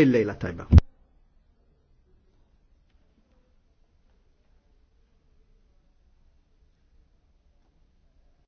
il-lejla tajba.